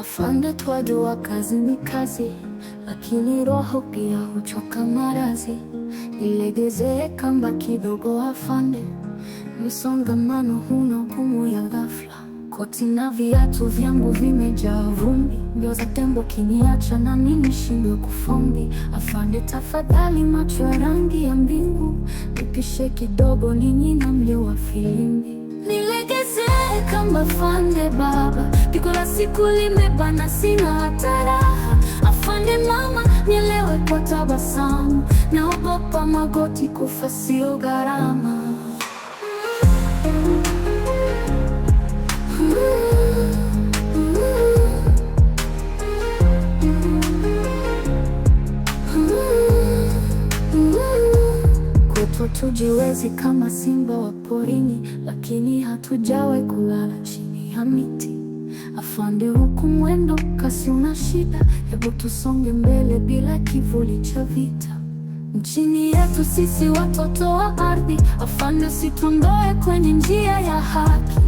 Afande, twajua kazi ni kazi, lakini roho pia huchoka marazi. Nilegezee kamba kidogo afande, msongamano huna hukumu ya ghafla. Koti na viatu vyangu vimejaa vumbi, mbio za tembo kiniacha na nini shindwe kufombi. Afande tafadhali, macho ya rangi ya mbingu nipishe kidogo, ninyi na mlio wa filimbi fande baba, pigo la siku limebana, sina hata raha. Afande mama, nielewe kwa tabasamu, naogopa magoti, kufa sio gharama. tujiwezi kama simba wa porini, lakini hatujawe kulala chini ya miti. Afande, huku mwendo kasi una shida, hebu tusonge mbele bila kivuli cha vita. Nchini yetu sisi watoto wa ardhi, afande, situndoe kwenye njia ya haki.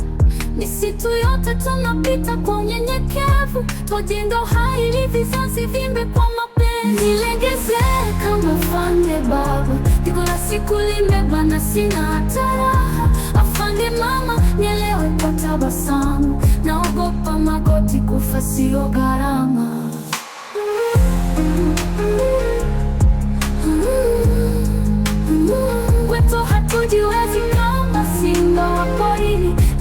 Misitu yote tunapita kwa unyenyekevu, twajenga uhai ili vizazi vimbe kwa siku limebana, sina hata Afande mama, nielewe kwa tabasamu, naogopa magoti, kufa sio gharama. Kwetu kama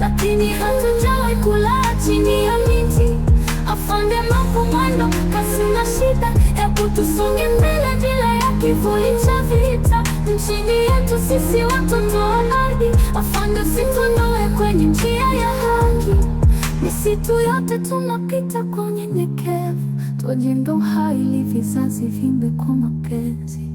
lakini hatujawahi kulala chini ya miti. Afande mambo mwendo kasi na shida, hebu tusonge mbele bila ya kivuli cha vita nchini yetu sisi watoto wa ardhi, wafangazi tuondoe kwenye njia ya haki. Misitu yote tunapita kwa unyenyekevu, tuajenge uhai ili vizazi vimbe kwa mapenzi.